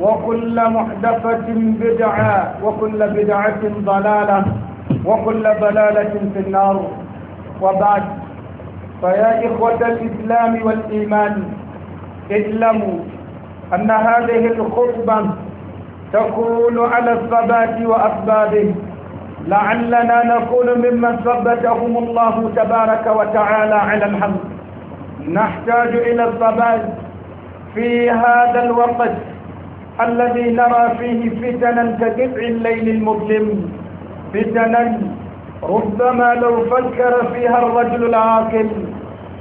وكل محدثة بدعة وكل بدعة ضلالة وكل ضلالة في النار وبعد فيا إخوة الإسلام والإيمان اعلموا أن هذه الخطبة تكون على الثبات وأسبابه لعلنا نكون ممن ثبتهم الله تبارك وتعالى على الحمد نحتاج إلى الثبات في هذا الوقت الذي نرى فيه فتنا كدفع الليل المظلم فتنا ربما لو فكر فيها الرجل العاقل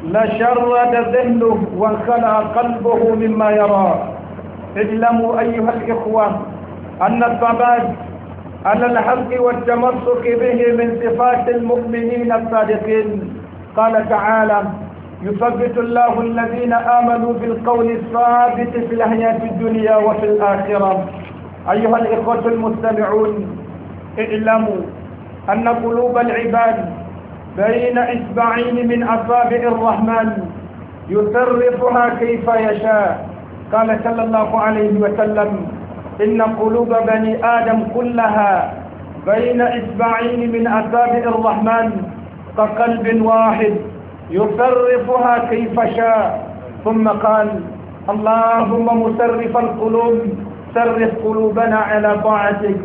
لشرد ذهنه وانخلع قلبه مما يرى اعلموا أيها الإخوة أن الثبات على الحق والتمسك به من صفات المؤمنين الصادقين قال تعالى يثبت الله الذين آمنوا بالقول الثابت في الحياة الدنيا وفي الآخرة أيها الإخوة المستمعون اعلموا أن قلوب العباد بين إصبعين من أصابع الرحمن يصرفها كيف يشاء قال صلى الله عليه وسلم إن قلوب بني آدم كلها بين إصبعين من أصابع الرحمن كقلب واحد يصرفها كيف شاء ثم قال اللهم مصرف القلوب صرف قلوبنا على طاعتك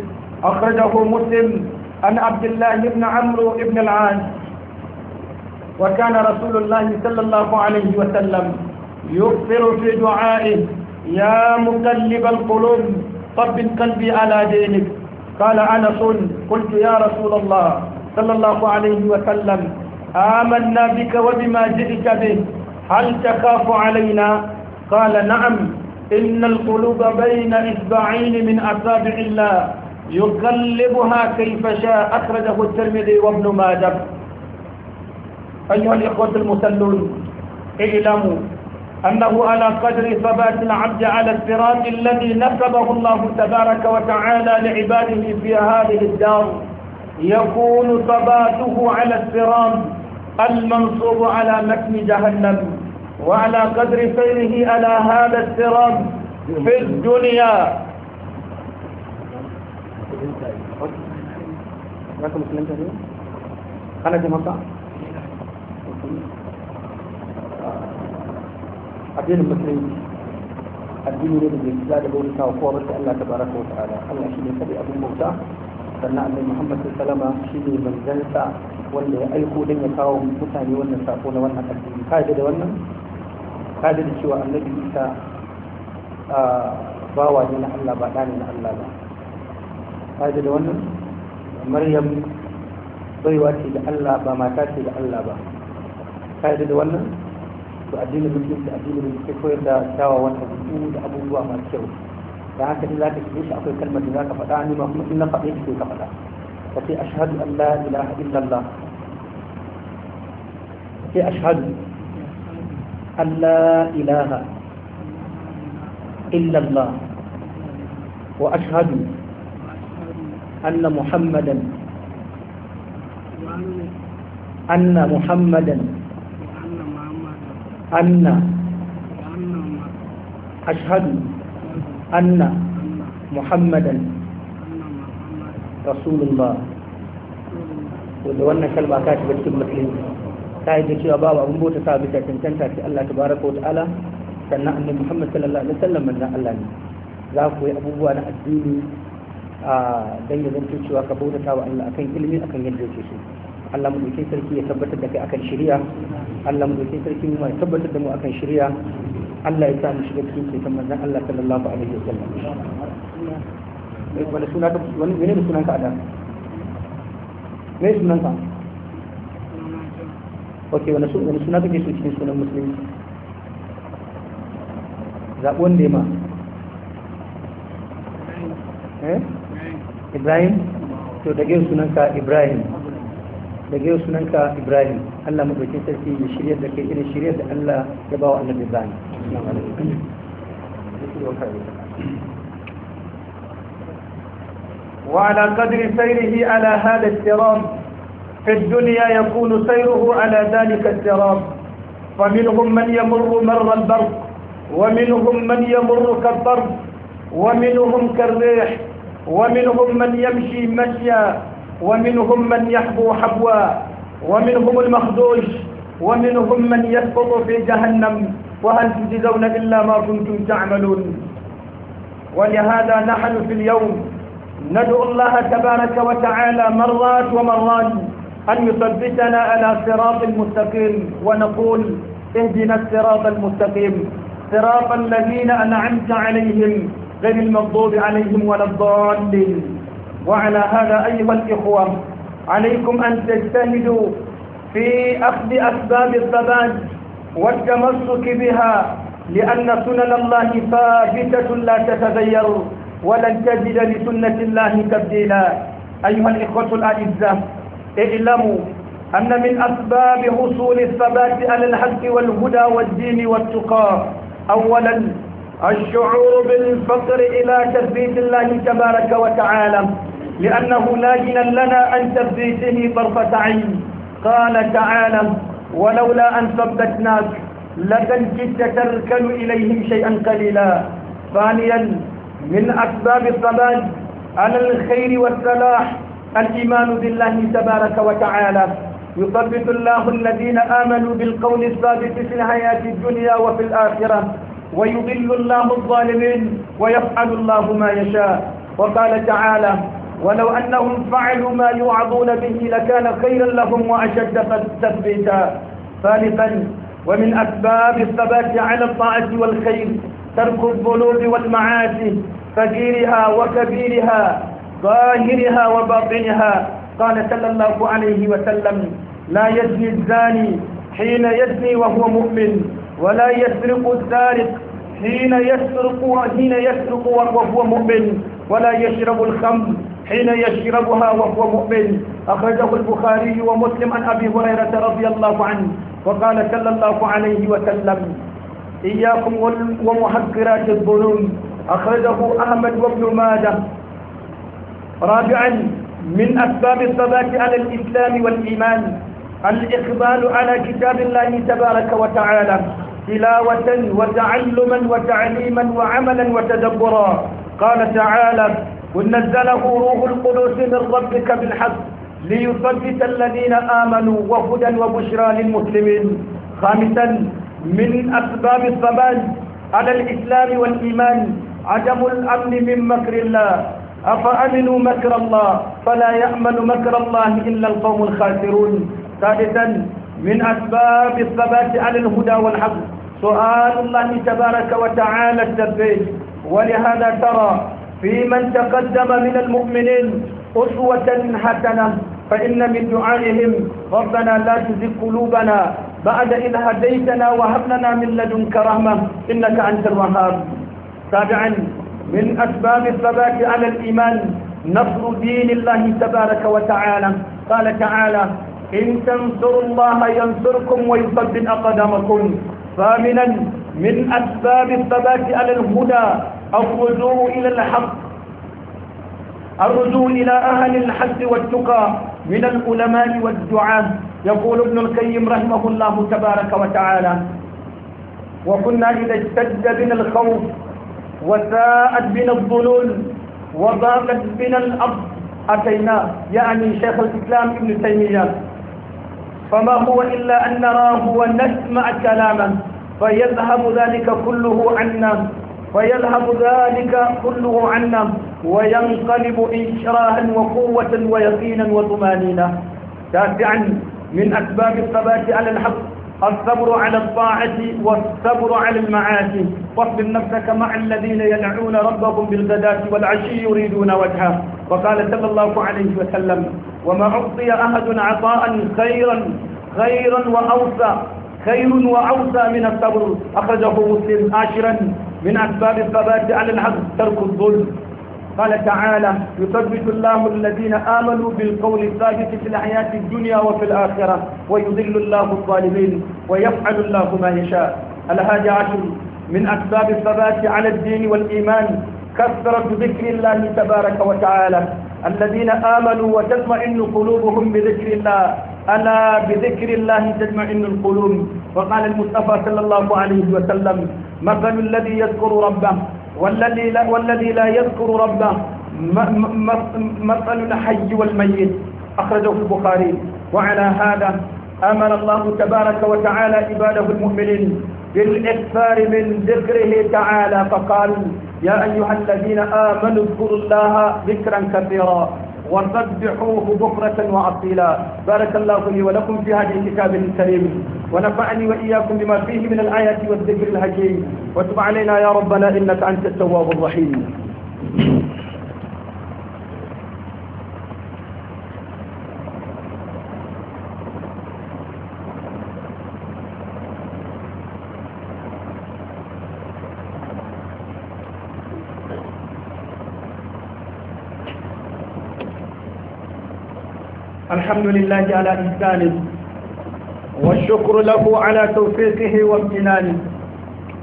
أخرجه مسلم عن عبد الله بن عمرو بن العاص وكان رسول الله صلى الله عليه وسلم يكثر في دعائه يا مقلب القلوب طبق قلبي على دينك قال انس قلت يا رسول الله صلى الله عليه وسلم آمنا بك وبما جئت به هل تخاف علينا قال نعم إن القلوب بين إصبعين من أصابع الله يقلبها كيف شاء أخرجه الترمذي وابن ماجه أيها الإخوة المسلون اعلموا أنه على قدر ثبات العبد على الصراط الذي نسبه الله تبارك وتعالى لعباده في هذه الدار يكون ثباته على الصراط المنصوب على متن جهنم وعلى قدر سيره على هذا الصراط في الدنيا أنا في مكة الدين المسلم الدين الذي لا تقول سوى الله تبارك وتعالى الله شيء يسبي أبو موسى سنة محمد صلى الله عليه وسلم شيء من جلسة wanda ya aiko don ya kawo mutane wannan sako na wannan addini ka da wannan ka da cewa annabi isa bawa ne na Allah ba ɗani na Allah ba ka da wannan maryam baiwa ce da Allah ba mata ce da Allah ba ka da wannan to addinin musulunci addinin da ke koyar da kyawawan ɗabi'u da abubuwa masu kyau da haka ne za ka shige shi akwai kalmar da za ka faɗa ni ma kuma in na faɗe shi ka faɗa وفي أشهد أن لا إله إلا الله وفي أشهد أن لا إله إلا الله وأشهد أن محمدا أن محمدا أن أشهد أن محمدا rasulullah da wannan kalma ta shiga cikin musulunci ta yi da cewa babu abin bauta sa bisa cancanta ce Allah tabaraka wa ta'ala sannan annabi Muhammad sallallahu alaihi wasallam manzon Allah ne za ku yi abubuwa na addini a dan ya zanto cewa ka bautata wa Allah akan ilimi akan yadda yake so Allah mu dokin sarki ya tabbatar da kai akan shari'a Allah mu dokin sarki mu ya tabbatar da mu akan shari'a Allah ya sa mu shiga cikin ceton manzon Allah sallallahu alaihi wasallam wani suna ka wani ne da sunanka a da me sunanka ok wani suna kake so cikin sunan musulunci Zaɓuwan wanda ma eh? ibrahim to da yau sunanka ibrahim da yau sunanka ibrahim allah maɗaukin sarki ya shirya da kai irin shirya da allah ya bawa wa annabi ibrahim وعلى قدر سيره على هذا الصراط في الدنيا يكون سيره على ذلك الصراط فمنهم من يمر مر البرق ومنهم من يمر كالبرق ومنهم كالريح ومنهم من يمشي مشيا ومنهم من يحبو حبوا ومنهم المخدوش ومنهم من يسقط في جهنم وهل تجزون إلا ما كنتم تعملون ولهذا نحن في اليوم ندعو الله تبارك وتعالى مرات ومرات أن يثبتنا على صراط المستقيم ونقول اهدنا الصراط المستقيم صراط الذين أنعمت عليهم غير المغضوب عليهم ولا الضالين وعلى هذا أيها الإخوة عليكم أن تجتهدوا في أخذ أسباب الثبات والتمسك بها لأن سنن الله ثابتة لا تتغير ولن تجد لسنة الله تبديلا أيها الإخوة الأعزاء اعلموا أن من أسباب حصول الثبات على الحق والهدى والدين والتقى أولا الشعور بالفقر إلى تثبيت الله تبارك وتعالى لأنه لا غنى لنا عن تثبيته طرفة عين قال تعالى ولولا أن ثبتناك لكن كدت تركن إليهم شيئا قليلا ثانيا من أسباب الثبات على الخير والصلاح الإيمان بالله تبارك وتعالى يثبت الله الذين آمنوا بالقول الثابت في الحياة الدنيا وفي الآخرة ويضل الله الظالمين ويفعل الله ما يشاء وقال تعالى ولو أنهم فعلوا ما يوعظون به لكان خيرا لهم وأشد تثبيتا ثالثا ومن أسباب الثبات على الطاعة والخير ترك الذنوب والمعاصي صغيرها وكبيرها ظاهرها وباطنها قال صلى الله عليه وسلم لا يزني الزاني حين يزني وهو مؤمن ولا يسرق الزارق حين يسرق وحين يسرق وهو مؤمن ولا يشرب الخمر حين يشربها وهو مؤمن أخرجه البخاري ومسلم عن أبي هريرة رضي الله عنه وقال صلى الله عليه وسلم إياكم ومحقرات الظنون أخرجه أحمد وابن ماجه رابعا من أسباب الثبات على الإسلام والإيمان الإقبال على كتاب الله تبارك وتعالى تلاوة وتعلما وتعليما وعملا وتدبرا قال تعالى قل نزله روح القدس من ربك بالحق ليثبت الذين آمنوا وهدى وبشرى للمسلمين خامسا من أسباب الثبات على الإسلام والإيمان عدم الأمن من مكر الله أفأمنوا مكر الله فلا يأمن مكر الله إلا القوم الخاسرون ثالثا من أسباب الثبات على الهدى والحق سؤال الله تبارك وتعالى التثبيت ولهذا ترى في من تقدم من المؤمنين أسوة حسنة فإن من دعائهم ربنا لا تزغ قلوبنا بعد إذ هديتنا وهب لنا من لدنك رحمة إنك أنت الوهاب سابعا من أسباب الثبات على الإيمان نصر دين الله تبارك وتعالى قال تعالى إن تنصروا الله ينصركم ويثبت أقدامكم ثامنا من أسباب الثبات على الهدى الرجوع إلى الحق الرجوع إلى أهل الحق والتقى من العلماء والدعاء يقول ابن القيم رحمه الله تبارك وتعالى وكنا إذا اشتد بنا الخوف وساءت بنا الظلول وضاقت بنا الأرض أتينا يعني شيخ الإسلام ابن تيمية فما هو إلا أن نراه ونسمع كلامه فيذهب ذلك كله عنا فيذهب ذلك كله عنا وينقلب انشراها وقوة ويقينا وطمانينة تاسعا من أسباب الثبات على الحق الصبر على الطاعة والصبر على المعاصي واصبر نفسك مع الذين يدعون ربهم بالغداة والعشي يريدون وجهه وقال صلى الله عليه وسلم وما أعطي أحد عطاء خيرا خيرا وأوسى خير وأوسى من الصبر أخرجه مسلم عاشرا من أسباب الثبات على العبد ترك الظلم قال تعالى يثبت الله الذين آمنوا بالقول الثابت في الحياة الدنيا وفي الآخرة ويضل الله الظالمين ويفعل الله ما يشاء الهاجة عشر من أسباب الثبات على الدين والإيمان كثرة ذكر الله تبارك وتعالى الذين آمنوا وتطمئن قلوبهم بذكر الله ألا بذكر الله تطمئن القلوب وقال المصطفى صلى الله عليه وسلم مثل الذي يذكر ربه والذي لا, والذي لا يذكر ربه مثل الحي والميت أخرجه في البخاري وعلى هذا أمر الله تبارك وتعالى عباده المؤمنين بالإكثار من ذكره تعالى فقال يا أيها الذين آمنوا اذكروا الله ذكرا كثيرا وسبحوه بكرة وأصيلا بارك الله لي ولكم في هذا الكتاب الكريم ونفعني وإياكم بما فيه من الآيات والذكر الحكيم وتب علينا يا ربنا إنك أنت التواب الرحيم الحمد لله على إحسانه والشكر له على توفيقه وامتنانه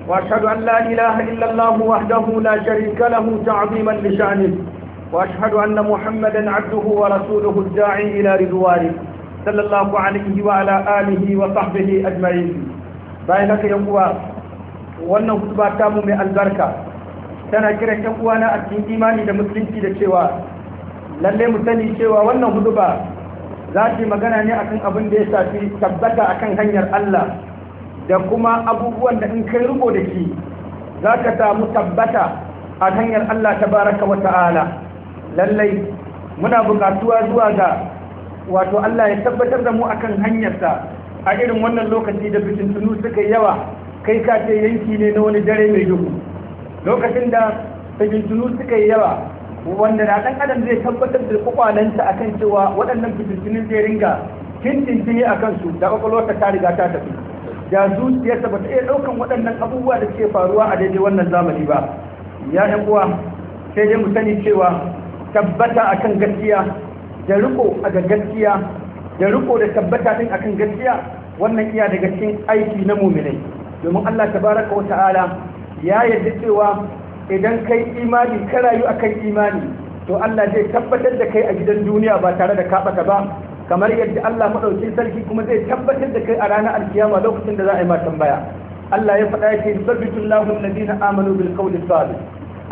وأشهد أن لا إله إلا الله وحده لا شريك له تعظيما لشأنه وأشهد أن محمدا عبده ورسوله الداعي إلى رضوانه صلى الله عليه وعلى آله وصحبه أجمعين باينك يقوى wannan hutuba ta mu mai albarka tana kira ƴan uwana a cikin imani da musulunci da cewa lalle mu sani cewa wannan hutuba za su magana ne akan abin da ya shafi tabbata akan hanyar Allah da kuma abubuwan da in kai rubo da shi za ka samu tabbata a hanyar Allah ta baraka wa ta'ala lallai muna buƙatuwa zuwa ga wato Allah ya tabbatar da mu akan hanyarsa a irin wannan lokaci da bikin tunu suka yawa kai ka ce yanki ne na wani dare mai duhu lokacin da bikin tunu suka yi yawa wanda na dan adam zai tabbatar da a akan cewa waɗannan fitintunin zai ringa tintintini a kansu da kwakwalwarta ta riga ta tafi da zuciyarsa ba ta iya ɗaukan waɗannan abubuwa da suke faruwa a daidai wannan zamani ba ya ɗan uwa sai dai mu sani cewa tabbata akan gaskiya da riko a ga gaskiya da riko da tabbata din akan gaskiya wannan iya daga cikin aiki na muminai domin Allah tabaraka wa ta'ala ya yarda cewa idan kai imani ka rayu akan imani to Allah zai tabbatar da kai a gidan duniya ba tare da kaɓata ba kamar yadda Allah maɗaukin sarki kuma zai tabbatar da kai a ranar alkiyama lokacin da za a yi matan tambaya Allah ya faɗa yake sabbitul lahu alladhina amanu bil qawli sabit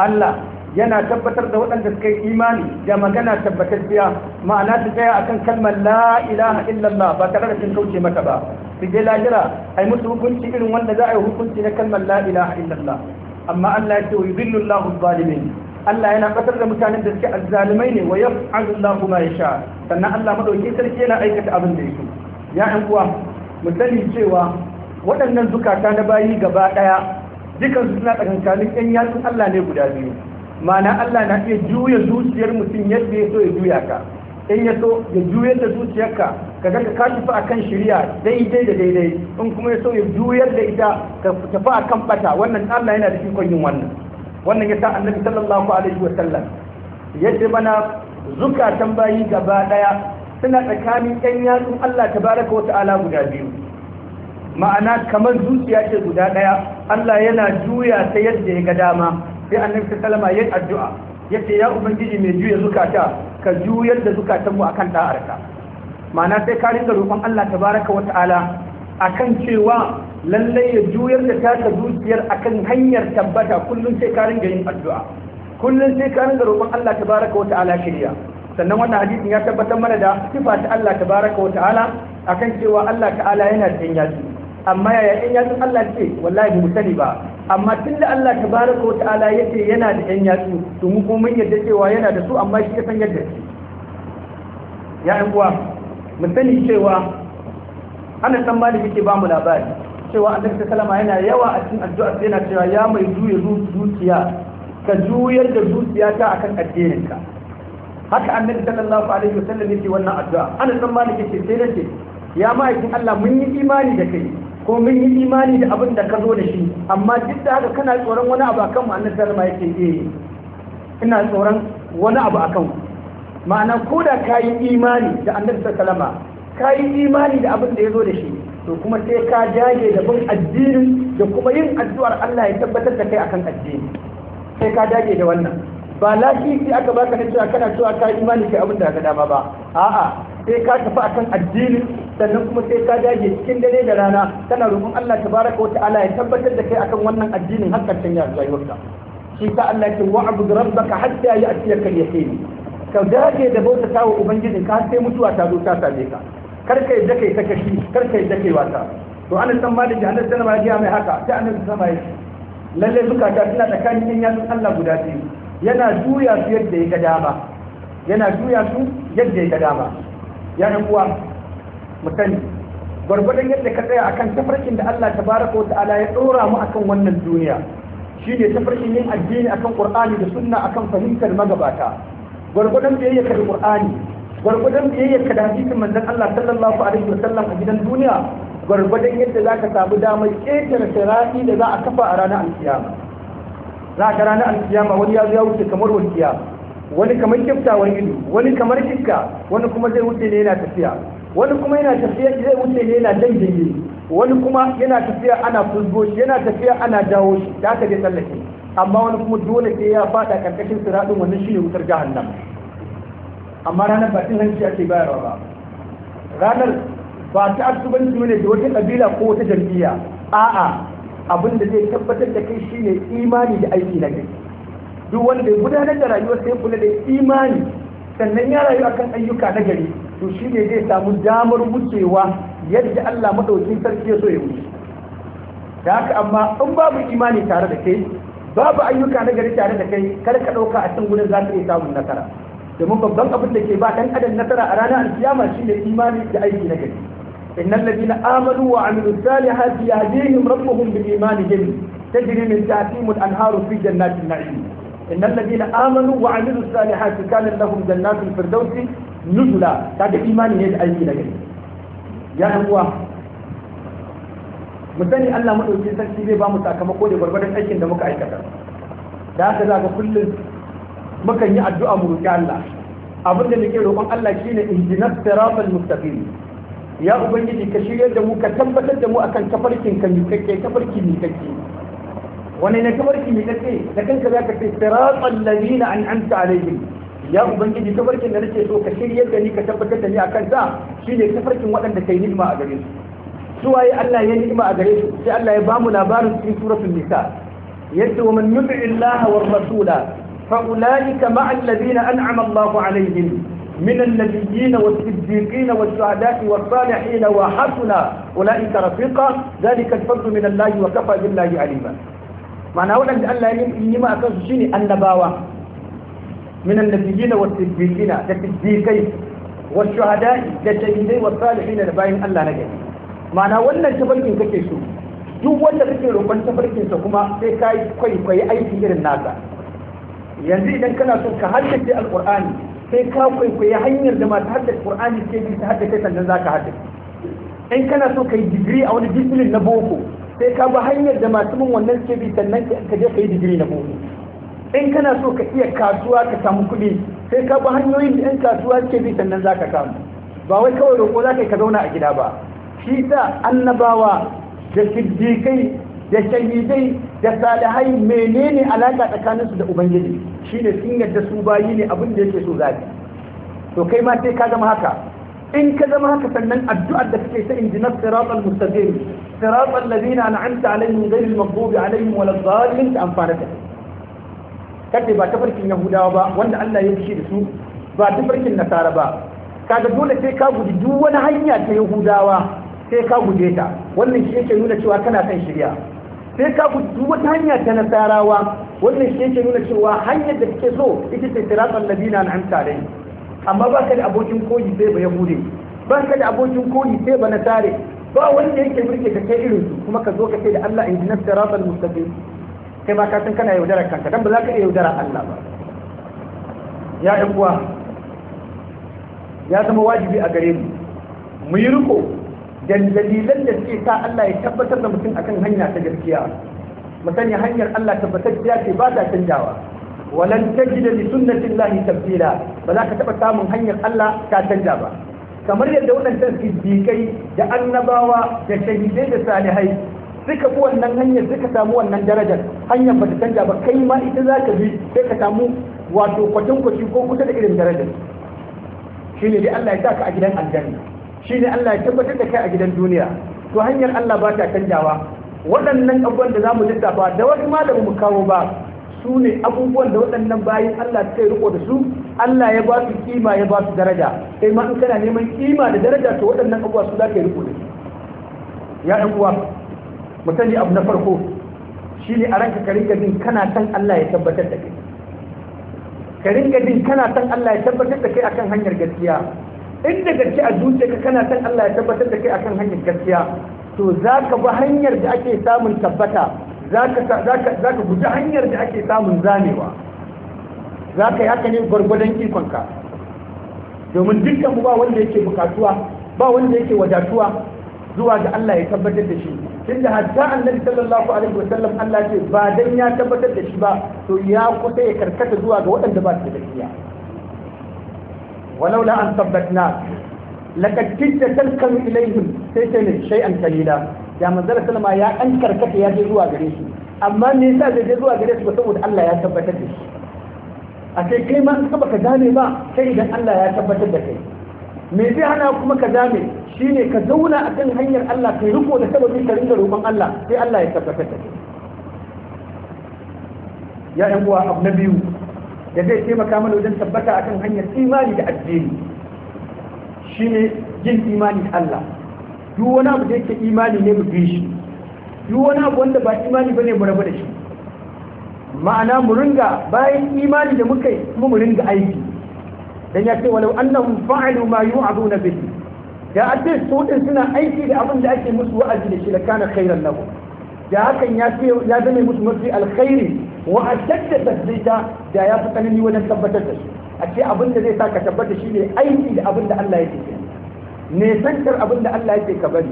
Allah yana tabbatar da waɗanda suka yi imani da magana tabbatacciya ma'ana su tsaya akan kalmar la ilaha illallah ba tare da sun kauce mata ba su je lahira ai musu hukunci irin wanda za a yi hukunci na kalmar la ilaha illallah amma Allah ya ce wa yudillu Allahu zalimin Allah yana kasar da mutanen da suke azzalumai ne wa yaf'alu Allahu ma sha. sannan Allah madauki sarki yana aikata abin da yake ya ɗan uwa mu sani cewa waɗannan zukata na bayi gaba ɗaya dukan suna tsakankanin 'yan yatsun Allah ne guda biyu ma'ana Allah na iya juya zuciyar mutum yadda ya so ya juya ka in ya so ya juyar da zuciyarka ka ga ka kashi fa akan shari'a daidai da daidai in kuma ya so ya juyar da ita ka tafi akan bata wannan Allah yana da ikon yin wannan wannan ya sa annabi sallallahu alaihi wa sallam Yadda bana zukatan bayi gaba daya suna tsakanin ɗan yatsun Allah tabaraka wa ta'ala guda biyu ma'ana kamar zuciya ce guda ɗaya Allah yana juya ta yadda ya ga dama sai annabi ta salama ya addu'a yace ya ubangiji mai juya zukata ka juyar da zukatanmu akan ɗa'arka, ma'ana sai ka rinka roƙon Allah tabaraka wa ta'ala akan cewa lallai ya juyar da taka zuciyar akan hanyar tabbata kullum sai ka rinka yin addu'a kullum sai ka rinka roƙon Allah tabaraka wa ta'ala shirya sannan wannan hadisin ya tabbatar mana da sifa ta Allah tabaraka wa ta'ala akan cewa Allah ta'ala yana da jin yaji amma yaya yan yatsun Allah ce wallahi mu sani ba amma tunda Allah tabaraka wa ta'ala yace yana da ɗan yatsu to mu kuma mun yadda cewa yana da su amma shi ya san yadda shi ya yan kuwa. mu sani cewa ana san da ke ba mu labari cewa annabi salama yana yawa a cikin addu'a yana cewa ya mai juye zuciya ka juyar da zuciya ta akan addininka haka annabi sallallahu alaihi wasallam yake wannan addu'a ana san da ce sai ke ya ma'aikin Allah mun yi imani da kai ko mun yi imani da abin da ka zo da shi amma duk da haka kana tsoron wani abu akan mu annabi wasallam yake eh ina tsoron wani abu akan ma'ana ko da ka yi imani da annabi sallama ka yi imani da abin da ya zo da shi to kuma sai ka jage da bin addinin da kuma yin addu'ar Allah ya tabbatar da kai akan addini sai ka jage da wannan ba lafiya sai aka baka na cewa kana cewa ka imani kai abin da ka dama ba a'a sai ka tafi akan addinin sannan kuma sai ka dage cikin dare da rana kana roƙon Allah tabaraka wata ala ya tabbatar da kai akan wannan addinin har karshen ya rayuwarka shi ta Allah ke wa'bud rabbaka hatta ya'tiyaka al ni. ka dage da bauta ta wa ubangijin ka sai mutuwa ta zo ta same ka kar ka yadda kai ta kashi kar ka yadda kai wata to an san ma da annabi sallama ya mai haka sai annabi sama ya ce lalle zukata suna tsakanin yatsun Allah guda biyu yana juya su yadda ya ga dama yana juya su yadda ya ga dama ya kuwa. mutane gwargwadon yadda ka tsaya akan tafarkin da Allah baraka wa ta'ala ya dora mu akan wannan duniya shi ne tafarkin yin addini akan qur'ani da sunna akan fahimtar magabata gwargwadon biyayya da qur'ani gwargwadon biyayya ka da hadisin manzon Allah sallallahu alaihi wa sallam a gidan duniya gwargwadon yadda za ka samu damar ƙetare shira'i da za a kafa a ranar alkiyama za ka ranar alkiyama wani ya ya wuce kamar walkiya wani kamar kyaftawar ido wani kamar iska wani kuma zai wuce ne yana tafiya wani kuma yana tafiya zai wuce ne yana dan gindi wani kuma yana tafiya ana fuzgo shi yana tafiya ana jawo shi da tsallake amma wani kuma dole sai ya fada karkashin siradin wannan shine wutar jahannam amma ranar ba cin hanci ake bayarwa ba ranar ba ta asubanci ne da wata kabila ko wata jam'iyya a'a abin da zai tabbatar da kai shine imani da aiki na kai duk wanda ya gudanar da rayuwar sai kula da imani sannan ya rayu akan ayyuka na gari to shi ne zai samu damar wucewa yadda Allah madaukin sarki ya so ya wuce da haka amma in babu imani tare da kai babu ayyuka na gari tare da kai kar ka dauka a cikin gurin za ka iya samun nasara domin babban abin da ke ba dan adam nasara a ranar alkiyama shine imani da aiki na gari innal ladina amanu wa amilus salihati yahdihim rabbuhum bi imanihim tajri min tahtihim al-anharu fi jannatin na'im innal ladina amanu wa amilus salihati kana lahum jannatul firdausi nuzula da imani ne da aiki da gani ya ɗan uwa mu sani Allah madauki sarki zai ba mu sakamako da gwargwadon aikin da muka aikata da haka za ka kullum mukan yi addu'a mu roƙi Allah abin da nake roƙon Allah shine ihdinas siratal mustaqim ya ubangiji ka shirya da mu ka tabbatar da mu akan tafarkin kan mikakke tafarki mikakke wani ne tafarki mikakke da kanka zaka ce siratal ladina an'amta alaihim ya ubangiji tafarkin da nake so ka shiryar da ni ka tabbatar da ni a kansa shi ne tafarkin waɗanda ka yi nima a gare su waye Allah ya nima a gare su sai Allah ya bamu labarin cikin suratul nisa yadda wa man yuti Allah wa rasula fa ulaika ma alladhina an'ama Allahu alaihim min an-nabiyyin wa as-siddiqin wa as-su'ada'i wa as-salihin wa hasuna ulaika rafiqa dhalika al-fadlu min Allah wa kafa billahi alima ma'ana wadanda Allah ya nima akan su shine annabawa من النبيين والصديقين والصديقين والشهداء والشهيدين والصالحين لباين الله نجد معنى ولا تبركين كيسو duk wanda kake roƙon tafarkinsa kuma sai ka yi kwaikwayi aiki irin nasa yanzu idan kana son ka haddace alƙur'ani sai ka kwaikwayi hanyar da masu haddace ƙur'ani ke bi ta za ka in kana so ka yi digiri a wani disiplin na boko sai ka bi hanyar da masu bin wannan ke bi sannan ka je ka yi digiri na boko in kana so ka iya kasuwa ka samu kuɗi sai ka bi hanyoyin da 'yan kasuwa ke bi sannan za ka samu ba wai kawai roƙo za ka yi ka zauna a gida ba shi sa annabawa da siddiƙai da shahidai da salihai menene alaƙa su da ubangiji shi ne sun yadda su bayi ne abin da yake so zaɓi to kai ma sai ka zama haka in ka zama haka sannan addu'ar da kake ta injina siratul mustaqim siratul ladina an'amta alaihim ghayril maghdubi alaihim walad ta amfana ta kada ba tafarkin yahudawa ba wanda Allah ya fushi da su ba tafarkin nasara ba kaga dole sai ka guji duk wani hanya ta yahudawa sai ka guje ta wannan shi yake nuna cewa kana kan shirya sai ka guji duk wata hanya ta nasarawa wannan shi yake nuna cewa hanyar da kake so ita ce siratan ladina an'amta alai amma ba ka da abokin koyi sai ba yahude ba ka da abokin koyi sai ba nasare ba wanda yake mulke ka kai irin su kuma ka zo ka ce da Allah in dinas siratan mustaqim kai ba ka san kana yaudarar kanka don ba za ka iya yaudara Allah ba ya ɗan kuwa ya zama wajibi a gare mu mu yi riko da dalilan da suke sa Allah ya tabbatar da mutum akan hanya ta gaskiya mu sani hanyar Allah tabbatar da ce ba ta canjawa walan tajida li sunnatillahi tabdila ba za ka taba samun hanyar Allah ta canja ba kamar yadda waɗancan siddiƙai da annabawa da shahidai da salihai suka fi wannan hanyar suka samu wannan darajar hanyar ba ta canja ba kai ma ita za ka bi sai ka samu wato kwacin kwaci ko kusa da irin darajar shi ne dai Allah ya sa ka a gidan aljanna shi ne Allah ya tabbatar da kai a gidan duniya to hanyar Allah ba ta canjawa waɗannan abubuwan da za mu lissafa da wasu ma da mu kawo ba su ne abubuwan da waɗannan bayan Allah suka riko da su Allah ya ba su kima ya ba su daraja kai ma in kana neman kima da daraja to waɗannan abubuwa su za ka riko da su ya ɗan uwa mu sani abu na farko shi ne a ranka ka rinka jin kana san Allah ya tabbatar da kai ka rinka jin kana san Allah ya tabbatar da kai akan hanyar gaskiya in da gaske a zuciyarka kana san Allah ya tabbatar da kai akan hanyar gaskiya to za ka bi hanyar da ake samun tabbata za ka guji hanyar da ake samun zamewa za ka yi haka ne gwargwadon ikonka domin dukkan ba wanda yake bukatuwa ba wanda yake wadatuwa zuwa ga Allah ya tabbatar da shi tunda hatta annabi sallallahu alaihi wa sallam Allah ce ba dan ya tabbatar da shi ba to ya kusa ya karkata zuwa ga waɗanda ba su da gaskiya walau la an tabbatna laqad kunta talqanu ilaihim sai ta ne shay'an kalila ya manzar sallama ya an karkata ya je zuwa gare shi amma me yasa da je zuwa gare shi ba saboda Allah ya tabbatar da shi a kai kai ma in ka baka gane ba sai idan Allah ya tabbatar da kai Mai zai hana kuma ka dame shi ne ka zauna a kan hanyar Allah kai riko da sababi ka ringa roƙon Allah sai Allah ya tabbatar da ya yan uwa abu na biyu da zai taimaka mana wajen tabbata akan hanyar imani da addini shi ne jin imani da Allah duk wani abu da yake imani ne mu bi shi duk wani abu wanda ba imani bane mu rabu da shi ma'ana mu ringa bayan imani da muka yi kuma mu ringa aiki dan ya ce walau annahum fa'alu ma yu'aduna bihi da ace su din suna aiki da abin da ake musu wa'azi da shi da kana khairan lahum da hakan ya ce ya zame musu mafi alkhairi wa ashadda tasdida da ya fi tsanani wajen tabbatar da shi. a ce abin da zai sa ka tabbata shi ne aiki da abin da Allah yake kai nesantar abin da Allah yake ka bari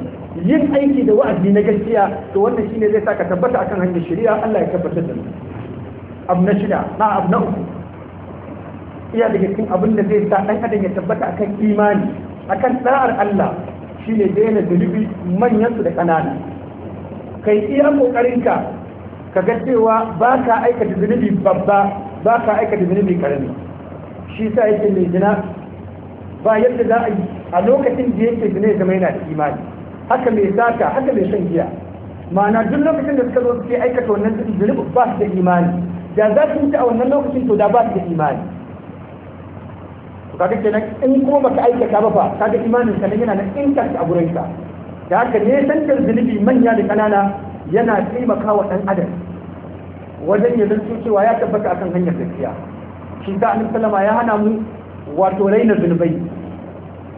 yin aiki da wa'azi na gaskiya to wannan shine zai sa ka tabbata akan hanyar shari'a Allah ya tabbatar da mu abu na shida na abu na uku iya daga cikin abin da zai sa ɗan adam ya tabbata akan imani akan da'ar Allah shine daina zunubi manyan su da ƙanana kai iya kokarinka ka ga cewa ba ka aikata zunubi babba ba ka aikata zunubi karami shi sa yake mai jina ba yadda za a yi a lokacin da yake jina ya zama yana da imani haka mai zaka haka mai shan giya ma'ana duk lokacin da suka zo suke aikata wannan zunubi ba su da imani da za su wuce a wannan lokacin to da ba su da imani kaga nan in kuma baka aikata ba fa kaga imanin ka yana nan inkanta a gurin ka da haka ne tantar zunubi manya da kanana yana taimakawa dan adam wajen ya zanto cewa ya tabbata akan hanyar gaskiya shi da annabi sallama ya hana mu wato raina zunubai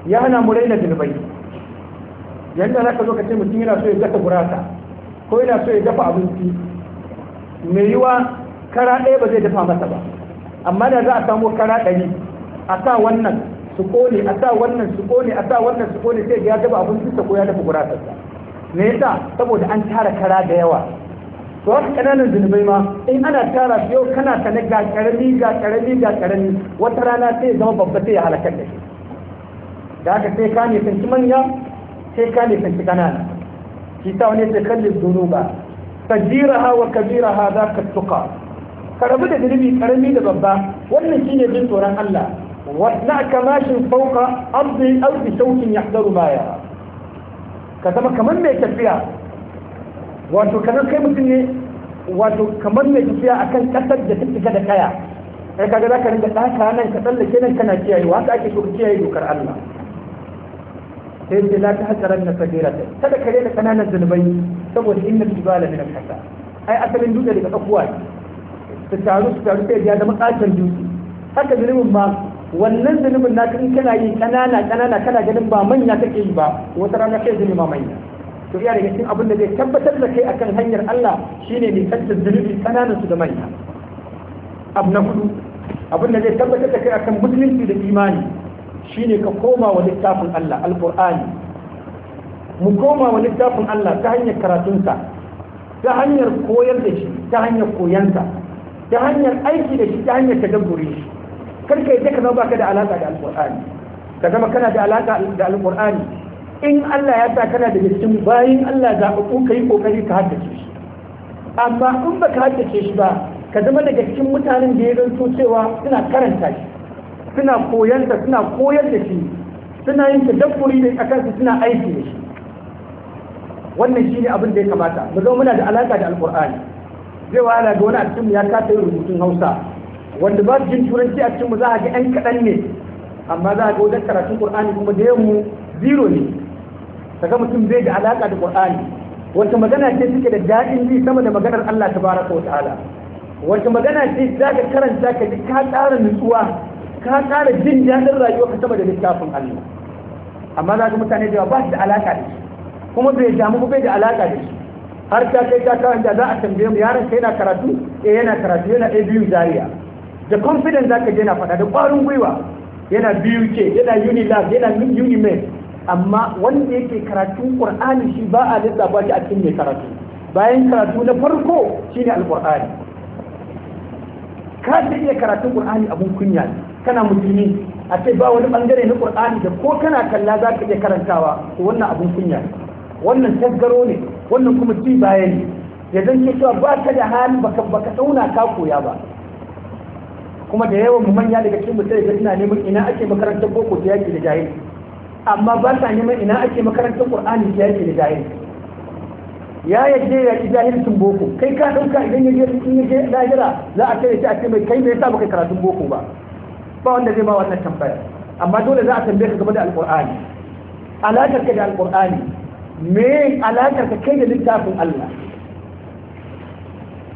ya hana mu raina zunubai yanda zaka zo ka ce mutum yana so ya dafa gurasa ko yana so ya dafa abinci mai yiwa kara ɗaya ba zai dafa masa ba amma da za a samo kara ɗari a sa wannan su kone a sa wannan su kone a sa wannan su kone sai ya dafa abincinsa ko ya dafa gurasarsa me yasa saboda an tara kara da yawa to haka kananan zunubai ma in ana tara su yau kana sane ga karami ga karami ga karami wata rana sai zama babba sai ya halakar da shi da haka sai ka ci manya sai ka ci kanana shi ta wani sai kalli zunuba sajiraha wa kabiraha za ka tuka ka da zunubi karami da babba wannan shine bin tsoron Allah ونعك ماش فوق أرض أو بصوت يحذر ما Ka zama كمان ما يتفيها wato kamar kai mutum ne wato kamar mai tafiya akan kasar da ta cika da kaya sai kaga zaka rinka tsaka nan ka tsallake nan kana kiyayewa haka ake so kiyaye dokar Allah sai sai la ta hasaran na sagira ta kada kare da kananan zunubai saboda inna tibala min al-hasa ai asalin dutse daga tsakuwa ta taru su taru sai ya zama katon dutse haka zunubin ma wannan zunubin na kan kana yi kanana kanana kana ganin ba manya kake yi ba wata rana kai zunubi ma manya to iya daga cikin abin da zai tabbatar da kai akan hanyar Allah shine ne tantar zunubi kananan su da manya abu na hudu abin da zai tabbatar da kai akan musulunci da imani shine ka koma wa littafin Allah alqur'ani mu koma wa littafin Allah ta hanyar karatunsa ta hanyar koyar da shi ta hanyar koyansa ta hanyar aiki da shi ta hanyar tadabbure shi karka yadda ka zama baka da alaka da Alƙur'ani ka zama kana da alaka da Alƙur'ani in Allah ya sa kana da cikin bayin Allah da ku kai kokari ka haddace shi amma in baka haddace shi ba ka zama daga cikin mutanen da ya zanto cewa suna karanta shi suna koyar da suna koyar da shi suna yin ta tadabburi da kansu suna aiki da shi wannan shi ne abin da ya kamata mu zama muna da alaka da Alƙur'ani. zai wahala ga wani a cikin ya kasa yin rubutun Hausa wanda ba su jin turanci a cikin mu za a ga ɗan kaɗan ne amma za a ga wajen karatun ƙur'ani kuma da mu zero ne kaga mutum zai da alaƙa da ƙur'ani. wata magana ce suke da daɗin ji sama da maganar Allah ta bara ko ta'ala wata magana ce za ka karanta ka ji ka ƙara nutsuwa ka ƙara jin daɗin rayuwa ka sama da littafin Allah amma za ka mutane da ba su da alaƙa da shi kuma bai damu ba bai da alaƙa da shi har ta kai ta kawai da za a tambaye mu yaron ka yana karatu eh yana karatu yana ɗaya biyu zariya da confidence za ka yana faɗa da ƙwarin gwiwa yana biyu ke yana UNILAB yana UNIMED amma wanda yake karatun ƙwar'ani shi ba a ba shi a cikin mai karatu bayan karatu na farko shine alƙwar'ani ka ta iya karatun ƙwar'ani abun kunya kana musulmi a ce ba wani bangare na ƙwar'ani da ko kana kalla za ka iya karantawa ko wannan abun kunya wannan tasgaro ne wannan kuma ci baya ne ya zan cewa ba ka da hali baka ka tsauna ka koya ba kuma da yawan mu manya daga cikin mutane da ina neman ina ake makarantar boko da yaki da jahili amma ba sa neman ina ake makarantar qur'ani da yaki da jahili ya yaje ya ki jahilcin boko kai ka dauka idan yaje in yaje lahira za a kai a ce mai kai me yasa baka karatun boko ba ba wanda zai ba wannan tambaya amma dole za a tambaye ka game da alqur'ani alakar ka da alqur'ani me alakar ka kai da littafin Allah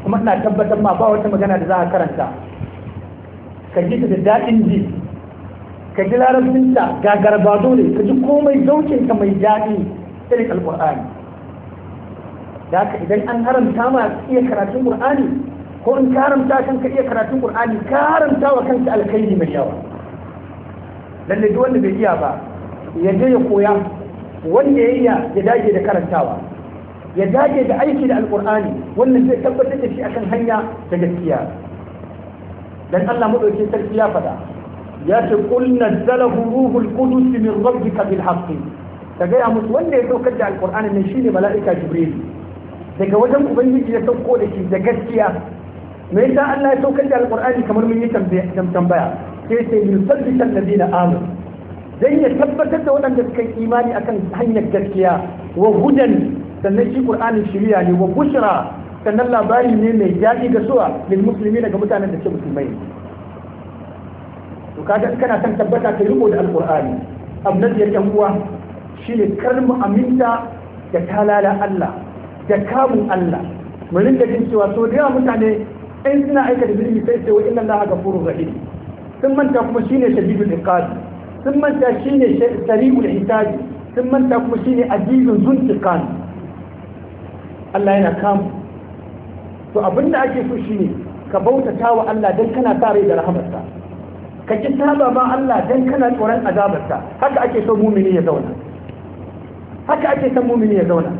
kuma ina tabbatar ma ba wata magana da za a karanta ka ji ta da daɗin ji ka ji larabcinta ga garbado ne ka ji komai zaukin ka mai daɗi irin alƙur'ani da haka idan an haramta ma iya karatun ƙur'ani ko in ka haramta ka iya karatun ƙur'ani ka haramta wa kanka alkhairi mai yawa lalle duk wanda bai iya ba ya je ya koya wanda ya iya ya dage da karantawa ya dage da aiki da alƙur'ani wannan zai tabbatar da shi akan hanya ta gaskiya dan Allah madauki sarki ya faɗa ya ce qul nazzalahu ruhul qudus min rabbika bil haqq gaya musu wanda ya saukar da alqur'ani ne shine mala'ika jibril daga wajen ubangiji ya sauko da shi da gaskiya me yasa Allah ya saukar da alqur'ani kamar mun yi tambaya sai sai yusabbitan ladina amanu zai ya tabbatar da waɗanda suka yi imani akan hanyar gaskiya wa hudan sannan shi qur'ani shiriya ne wa bushra sannan labari ne mai daɗi ga suwa lil musulmi daga mutanen da ke musulmai to kaga kana san tabbata ka rubo da alqur'ani abu na biyar yan uwa shine kar mu aminta da talala Allah da kamun Allah mu rinka jin cewa so da yawa mutane in suna aikata zulmi sai sai wa inna Allah ghafurur rahim sun manta kuma shine shadidul iqad sun manta shine sari'ul hisab sun manta kuma shine azizun zuntiqan Allah yana kamu to abin da ake so shine ka bautata wa Allah dan kana sa rai da rahamarsa ka ki saba ma Allah dan kana tsoron azabarsa haka ake son mumini ya zauna haka ake son mumini ya zauna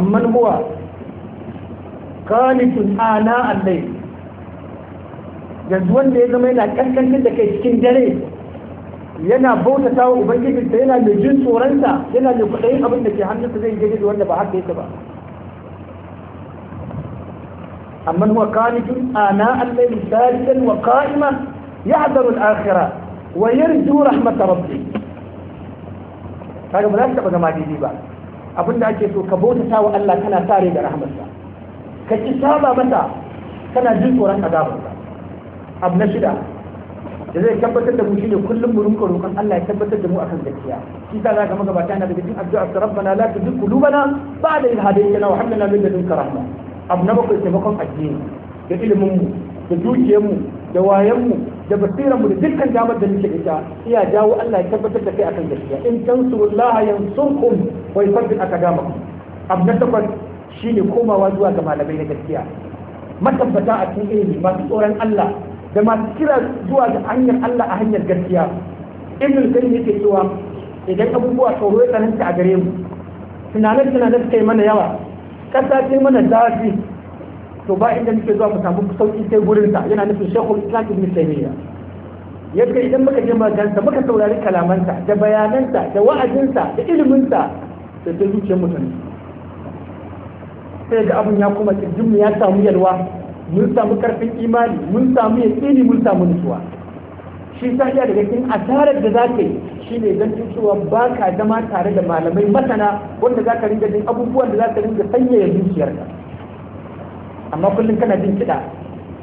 amma huwa qanitun ana allai yanzu wanda ya zama yana kankanin da kai cikin dare yana bautata wa ubangijinsa yana mai jin tsoronsa yana mai kwaɗayin abin da ke hannunsa zai gaji da wanda ba haka yake ba أمن هو قانت آناء الليل سالسا وقائما يحذر الآخرة ويرجو رحمة ربه kaga ba za su taɓa zama daidai ba abin da ake so ka bauta ta wa Allah kana tare da rahmarsa ka ci saba mata kana jin tsoron azabarsa abu na shida da zai tabbatar da mu shine kullum mu rinka roƙon Allah ya tabbatar da mu akan gaskiya shi ta zaka magabata na daga cikin addu'a rabbana la tuzigh qulubana ba'da idh hadaytana wa hab lana min ladunka rahmah abu na bakwai taimakon addini da iliminmu da dukiyarmu da wayanmu da basiranmu da dukkan damar da muke ita iya jawo Allah ya tabbatar da kai akan gaskiya in tansurullaha yansurkum wa yusabbit aqdamakum abu na takwas shine komawa zuwa ga malamai na gaskiya matabbata a cikin ilimi masu tsoron Allah da masu kira zuwa ga hanyar Allah a hanyar gaskiya ibn qayyim yake cewa idan abubuwa tsoro ya tsananta a gare mu tunanin tunanin kai mana yawa ƙasa ce mana zafi to ba inda muke zuwa mu samu sauki sai gurin sa yana nufin shekul islam ibn taymiya yadda idan muka je magansa muka saurari kalamansa da bayanansa da wa'azinsa da iliminsa da ta zuciyar mutane sai ga abin ya kuma kirjin ya samu yalwa mun samu karfin imani mun samu yaƙini mun samu nutsuwa shi ta iya daga cikin asarar da za ka yi shi ne don cewa ba ka zama tare da malamai masana wanda za ka ringa abubuwan da za ka ringa sanyaya zuciyarka amma kullum kana jin kiɗa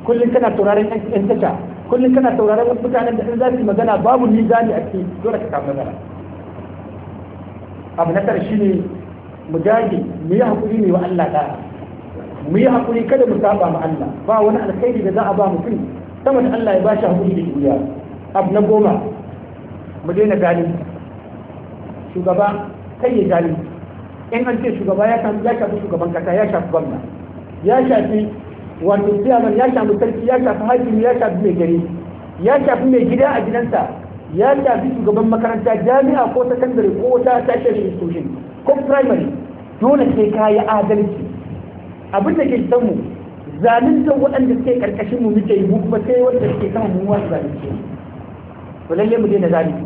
kullum kana sauraron yan tasha kullum kana tauraron wasu mutanen da in za su magana babu ni gani a ce dole ka samu magana abu na tara shi ne mu dage mu yi haƙuri ne wa Allah ɗaya mu yi haƙuri kada mu saba ma Allah ba wani alkhairi da za a ba mutum sama da Allah ya ba shi haƙuri da duniya abu na goma mu daina gani shugaba kai ya gani in an ce shugaba ya shafi shugaban kasa ya shafi gwamna ya shafi wato siyaman ya shafi sarki ya shafi hakimi ya shafi mai gari ya shafi mai gida a gidansa ya shafi shugaban makaranta jami'a ko sakandare ko wata shafi institution ko primary dole sai ka yi adalci abin da ke samu zalunta waɗanda suke ƙarƙashin mu muke yi mu kuma sai wanda suke sama mu wasu zalunci to lalle mu daina zalimi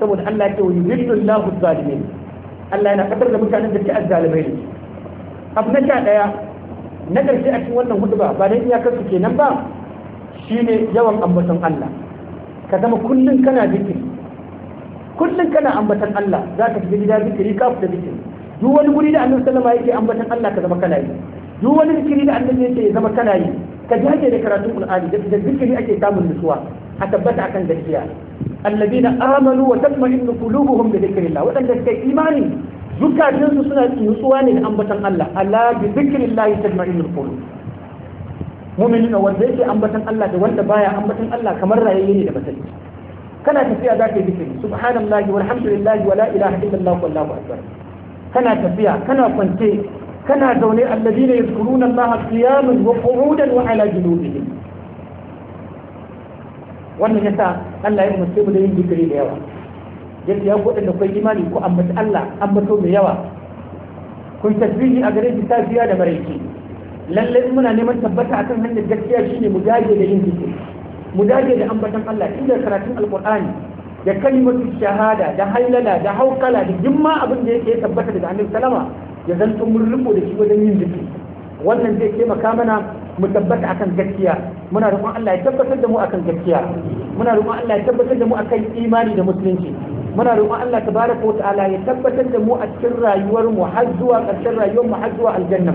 saboda Allah ya ce wani yudillu Allahu zalimin Allah yana kadar da mutanen da ke azzalimai ne abu na sha daya na karshe a cikin wannan huduba ba dan iyakar su kenan ba shine yawan ambaton Allah ka zama kullun kana zikiri kullun kana ambaton Allah za ka fi gida zikiri ka fita zikiri duk wani guri da Annabi sallallahu yake ambaton Allah ka zama kana yi duk wani zikiri da Annabi yake ya zama kana yi ka ji hake da karatun Qur'ani da zikiri ake samun nutsuwa a tabbata akan gaskiya alladina amanu wa tatma'innu qulubuhum bi dhikrillah wadanda suka yi imani zukatun su suna nutsuwa ne da ambatan Allah ala bi dhikrillah tatma'innu qulub mu'minin wanda yake ambatan Allah da wanda baya ambatan Allah kamar rayayye ne da batali kana tafiya za ka yi zikiri subhanallahi walhamdulillahi wala ilaha illallah wallahu akbar kana tafiya kana kwance kana zaune alladina yadhkuruna Allah wa ala wannan yasa Allah ya umarce mu da yin zikiri da yawa yadda ya ku da kwai imani ko ambaci Allah ambato mai yawa kun tasbihi a gare shi da maraice lalle in muna neman tabbata akan hanyar gaskiya shine mu dage da yin zikiri mu dage da ambatan Allah inda karatun alqur'ani da kalimatu shahada da hailala da haukala da jimma abin da yake tabbata daga annabi sallama ya zanto mun riko da shi wajen yin zikiri wannan zai taimaka mana mu tabbata akan gaskiya muna roƙon Allah ya tabbatar da mu akan gaskiya muna roƙon Allah ya tabbatar da mu akan imani da musulunci muna roƙon Allah tabaraka wata'ala ya tabbatar da mu a cikin rayuwar mu har zuwa ƙarshen rayuwar mu har zuwa aljanna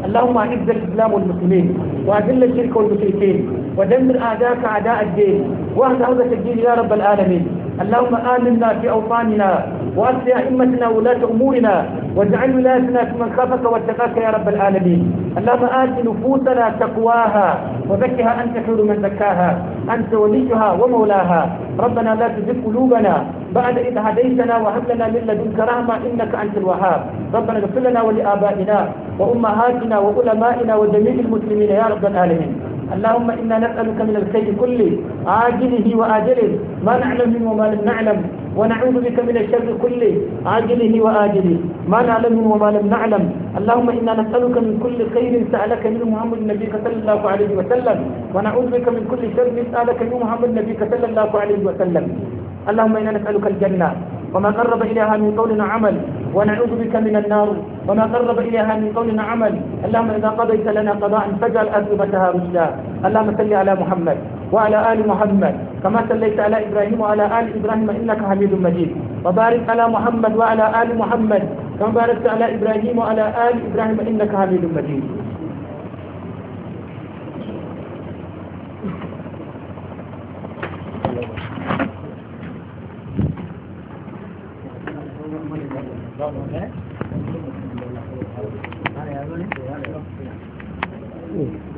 اللهم اعز الاسلام والمسلمين واذل الشرك والمشركين ودمر اعداءك اعداء الدين واهد عوده الدين يا رب العالمين اللهم آمنا في أوطاننا وأصل أئمتنا ولاة أمورنا واجعل ولاتنا في من خافك واتقاك يا رب العالمين اللهم آت نفوسنا تقواها وزكها أنت خير من زكاها أنت وليها ومولاها ربنا لا تزغ قلوبنا بعد إذ هديتنا وهب لنا من لدنك رحمة إنك أنت الوهاب ربنا اغفر لنا ولآبائنا وأمهاتنا وعلمائنا وجميع المسلمين يا رب العالمين اللهم إنا نسألك من الخير كله عاجله وآجله ما نعلم منه وما لم نعلم ونعوذ بك من الشر كله عاجله وآجله ما نعلم منه وما لم نعلم اللهم إنا نسألك من كل خير سألك منه محمد نبيك صلى الله عليه وسلم ونعوذ بك من كل شر سألك منه محمد نبيك صلى الله عليه وسلم اللهم إنا نسألك الجنة وما قرب إليها من قول عمل ونعوذ بك من النار وما قرب إليها من قول عمل اللهم إذا قضيت لنا قضاء فاجعل أثبتها رشدا اللهم صل على محمد وعلى آل محمد كما صليت على إبراهيم وعلى آل إبراهيم إنك حميد مجيد وبارك على محمد وعلى آل محمد كما باركت على إبراهيم وعلى آل إبراهيم إنك حميد مجيد Thank ¿eh? you.